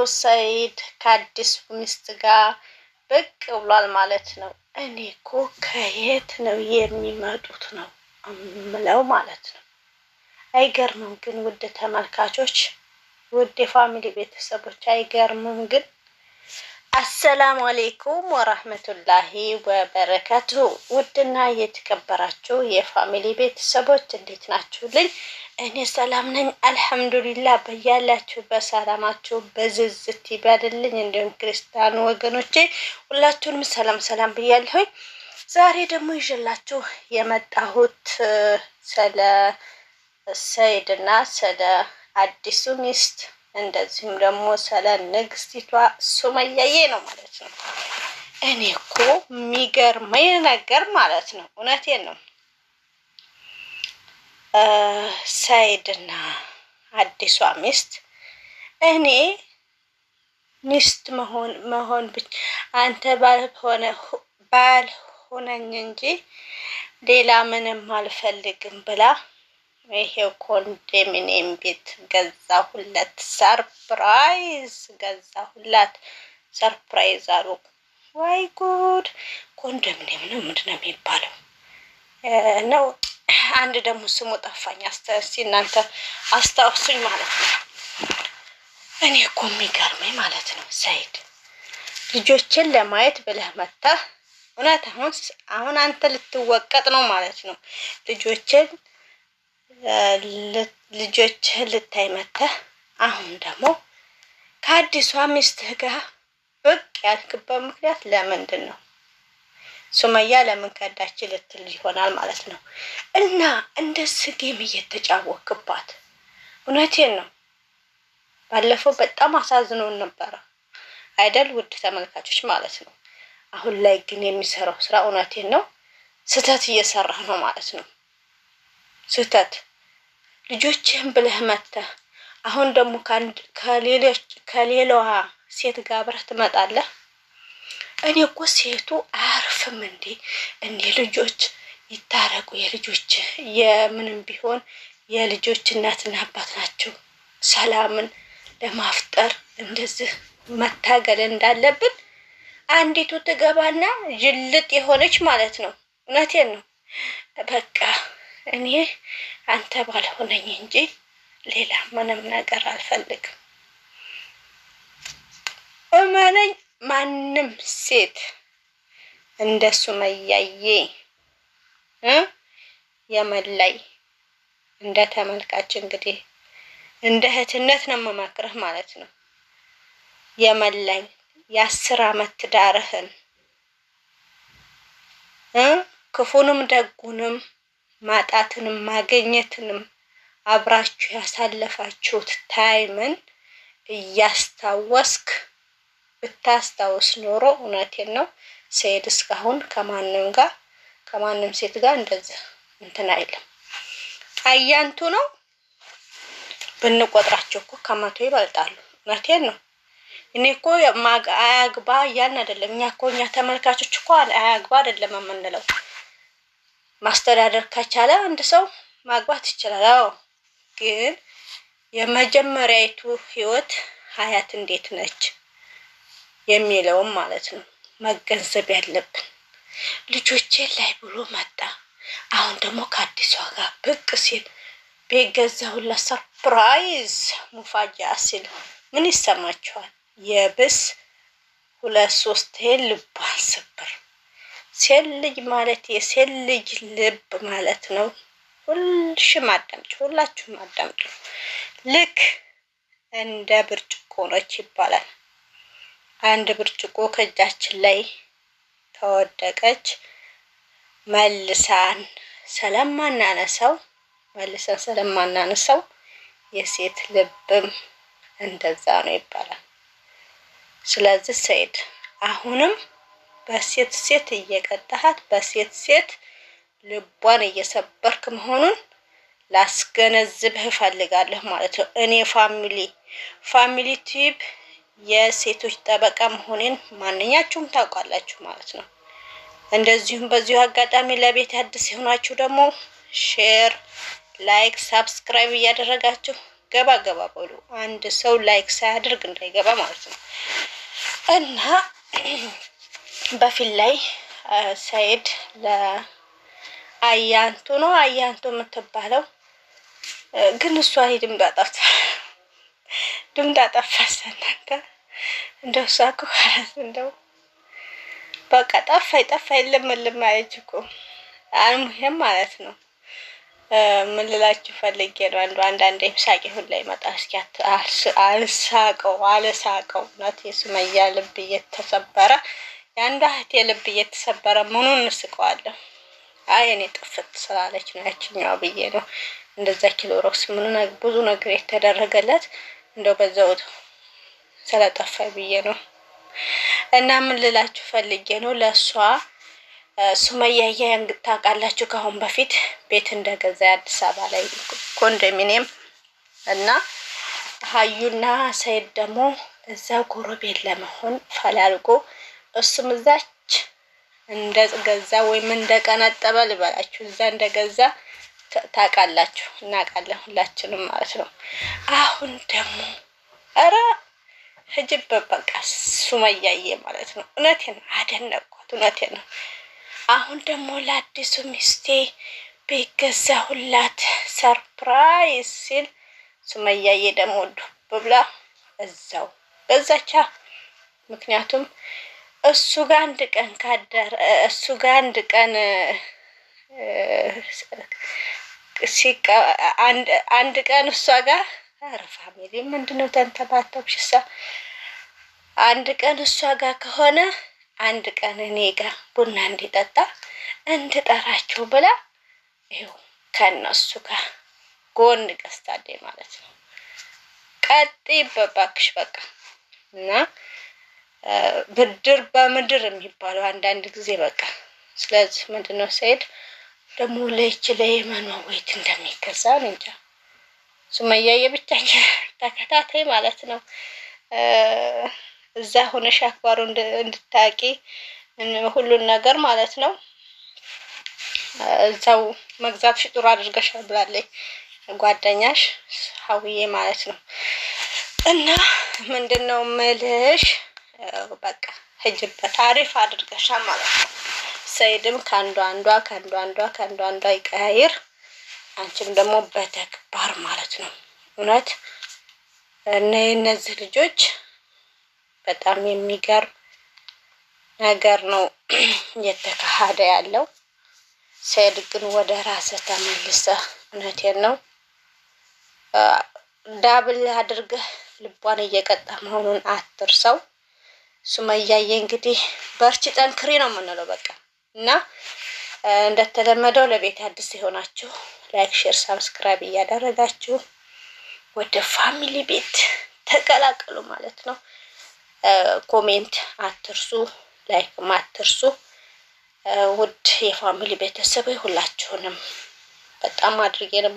አቶ ሰኢድ ከአዲስ ሚስት ጋር ብቅ ብሏል ማለት ነው። እኔ እኮ ከየት ነው የሚመጡት ነው ምለው ማለት ነው። አይገርምም ግን ውድ ተመልካቾች፣ ውድ የፋሚሊ ቤተሰቦች አይገርምም ግን አሰላሙ አሌይኩም ወራህመቱላሂ ወበረከቱ። ውድና የተከበራችሁ የፋሚሊ ቤተሰቦች እንዴት ናችሁልኝ? እኔ ሰላም ነኝ አልሐምዱሊላ። በያላችሁ በሰላማችሁ በዝዝት ይበልልኝ። እንዲሁም ክርስቲያኑ ወገኖቼ ሁላችሁንም ሰላም ሰላም ብያለሁኝ። ዛሬ ደግሞ ይዤላችሁ የመጣሁት ስለ ሰይድና ስለ አዲሱ ሚስት እንደዚሁም ደግሞ ስለ ንግስቲቷ ሱመያዬ ነው ማለት ነው። እኔ እኮ የሚገርመኝ ነገር ማለት ነው እውነቴን ነው ሰይድና አዲሷ ሚስት እኔ ሚስት መሆን መሆን ብቻ አንተ ባልሆነ ባልሆነኝ እንጂ ሌላ ምንም አልፈልግም ብላ ይሄ ኮንዶሚኒየም ቤት ገዛሁለት፣ ሰርፕራይዝ ገዛሁላት። ሰርፕራይዝ አሉ። ወይ ጉድ! ኮንዶሚኒየም ነው ምንድን ነው የሚባለው? ነው አንድ ደግሞ ስሙ ጠፋኝ። እስኪ እናንተ አስታውሱኝ ማለት ነው። እኔ እኮ የሚገርመኝ ማለት ነው ሰይድ ልጆችን ለማየት ብለህ መታ እውነት አሁን አሁን አንተ ልትወቀጥ ነው ማለት ነው ልጆችን ልጆችህ ልታይ መተህ አሁን ደግሞ ከአዲሷ ሚስትህ ጋር ብቅ ያልክበት ምክንያት ለምንድን ነው? ሱመያ ለምን ከዳች ልትል ይሆናል ማለት ነው። እና እንደ ስጌም እየተጫወክባት እውነቴን ነው። ባለፈው በጣም አሳዝኖን ነበረ አይደል? ውድ ተመልካቾች ማለት ነው። አሁን ላይ ግን የሚሰራው ስራ እውነቴን ነው ስህተት እየሰራ ነው ማለት ነው ስህተት ልጆችህን ብለህ መተህ አሁን ደግሞ ከሌላዋ ሴት ጋር አብረህ ትመጣለህ። እኔ እኮ ሴቱ አያርፍም እንዴ? እንዴ ልጆች ይታረቁ። የልጆች የምንም ቢሆን የልጆች እናትና አባት ናቸው። ሰላምን ለማፍጠር እንደዚህ መታገል እንዳለብን አንዲቱ ትገባና ይልጥ የሆነች ማለት ነው። እውነቴን ነው በቃ እኔ አንተ ባልሆነኝ እንጂ ሌላ ምንም ነገር አልፈልግም። እመነኝ፣ ማንም ሴት እንደ ሱመያዬ የመን እንደ ተመልካች እንግዲህ እንደ እህትነት ነው የምመክርህ ማለት ነው። የመላይ የአስር አመት ትዳርህን ክፉንም ደጉንም ማጣትንም ማገኘትንም አብራችሁ ያሳለፋችሁት ታይምን እያስታወስክ ብታስታውስ ኖሮ እውነቴን ነው ሰኢድ እስካሁን ከማንም ጋር ከማንም ሴት ጋር እንደዚህ እንትን አይልም። አያንቱ ነው ብንቆጥራቸው እኮ ከመቶ ይበልጣሉ። እውነቴን ነው። እኔ እኮ አያግባ እያልን አይደለም። እኛ እኮ እኛ ተመልካቾች እኮ አያግባ አይደለም የምንለው ማስተዳደር ከቻለ አንድ ሰው ማግባት ይችላል። አዎ ግን የመጀመሪያይቱ ህይወት ሀያት እንዴት ነች የሚለውም ማለት ነው መገንዘብ ያለብን። ልጆቼ ላይ ብሎ መጣ። አሁን ደግሞ ከአዲሷ ጋር ብቅ ሲል ቤት ሰርፕራይዝ ሙፋጃ ሲል ምን ይሰማችኋል? የብስ ሁለት ሶስት ልቧን ስብር ሴት ልጅ ማለት የሴት ልጅ ልብ ማለት ነው። ሁልሽም አዳምጪ፣ ሁላችሁም አዳምጡ። ልክ እንደ ብርጭቆ ነች ይባላል። አንድ ብርጭቆ ከእጃችን ላይ ተወደቀች፣ መልሳን ስለማናነሳው መልሰን ስለማናነሳው የሴት ልብም እንደዛ ነው ይባላል። ስለዚህ ሰይድ አሁንም በሴት ሴት እየቀጣሃት በሴት ሴት ልቧን እየሰበርክ መሆኑን ላስገነዝብህ እፈልጋለሁ ማለት ነው። እኔ ፋሚሊ ፋሚሊ ቲዩብ የሴቶች ጠበቃ መሆኔን ማንኛችሁም ታውቃላችሁ ማለት ነው። እንደዚሁም በዚሁ አጋጣሚ ለቤት አዲስ የሆናችሁ ደግሞ ሼር፣ ላይክ፣ ሳብስክራይብ እያደረጋችሁ ገባ ገባ በሉ። አንድ ሰው ላይክ ሳያደርግ እንዳይገባ ማለት ነው እና በፊት ላይ ሰኢድ ለአያንቱ ነው አያንቱ የምትባለው ግን እሷ ይሄ ድምፅ አጠፋ ድምፅ አጠፋ። እናንተ እንደው እሷ እኮ እንደው በቃ ጠፋ ጠፋ የለም የለም አለች እኮ አልሙሄም ማለት ነው። ምን ልላችሁ ፈልጌ ነው። አንዱ አንዳንዴ ሳቄ ላይ ይመጣ። እስኪ አልሳቀው አለሳቀው ናት የሱመያ ልብ እየተሰበረ የአንዷ እህቴ ልብ እየተሰበረ ምኑን እንስቀዋለሁ? አይ እኔ ጥፍት ስላለች ነው ያችኛዋ ብዬ ነው እንደዛ ኪሎሮክስ ምኑ ብዙ ነገር የተደረገለት እንደው በዛው ስለጠፋ ብዬ ነው። እና ምን ልላችሁ ፈልጌ ነው ለእሷ ሱመያያ ታውቃላችሁ፣ ከአሁን በፊት ቤት እንደገዛ አዲስ አበባ ላይ ኮንዶሚኒየም እና ሀዩና ሰይድ ደግሞ እዛ ጎረቤት ለመሆን ፈላልጎ እሱም እዛች እንደገዛ ወይም እንደቀነጠበ ልበላችሁ እዛ እንደገዛ ታውቃላችሁ፣ እናውቃለን ሁላችንም ማለት ነው። አሁን ደግሞ ኧረ ህጅብ በቃ ሱመያዬ ማለት ነው። እውነቴን አደነቅኳት፣ እውነቴን ነው። አሁን ደግሞ ለአዲሱ ሚስቴ ቤት ገዛሁላት ሰርፕራይዝ ሲል ሱመያዬ ደግሞ ዱብ ብላ እዛው በዛቻ ምክንያቱም እሱ ጋር አንድ ቀን ካደረ እሱ ጋር አንድ ቀን አንድ ቀን እሷ ጋር ኧረ ፋሚሊ ምንድን ነው ተንተባተብሽ? እሷ አንድ ቀን እሷ ጋር ከሆነ አንድ ቀን እኔ ጋር ቡና እንዲጠጣ እንድጠራቸው ብላ ይኸው ከእነሱ ጋር ጎን ገዝታለች ማለት ነው። ቀጥ ይበባክሽ በቃ እና ብድር በምድር የሚባለው አንዳንድ ጊዜ በቃ ስለዚህ ምንድን ነው ሰይድ ደግሞ ለይች ለየመኗ ወይት እንደሚገዛ እንጃ። ሱመያዬ የብቻ ተከታታይ ማለት ነው። እዛ ሆነሽ አክባሩ እንድታቂ ሁሉን ነገር ማለት ነው። እዛው መግዛት ሽጡር አድርገሻል ብላለች ጓደኛሽ ሀውዬ ማለት ነው። እና ምንድን ነው ምልሽ በቃ ሂጅበት አሪፍ አድርገሻ ማለት ነው። ሰይድም ከአንዷ አንዷ ከአንዷ አንዷ ከአንዷ አንዷ ይቀያይር፣ አንቺም ደግሞ በተግባር ማለት ነው። እውነት እነ እነዚህ ልጆች በጣም የሚገርም ነገር ነው እየተካሄደ ያለው። ሰይድ ግን ወደ ራስህ ተመልሰ፣ እውነቴን ነው ዳብል አድርገህ ልቧን እየቀጣ መሆኑን አትርሰው። ሱመያዬ እንግዲህ በርቺ ጠንክሪ ነው የምንለው በቃ እና እንደተለመደው ለቤት አዲስ የሆናችሁ ላይክ፣ ሼር፣ ሳብስክራይብ እያደረጋችሁ ወደ ፋሚሊ ቤት ተቀላቀሉ ማለት ነው። ኮሜንት አትርሱ፣ ላይክም አትርሱ። ውድ የፋሚሊ ቤተሰብ ሁላችሁንም በጣም አድርጌ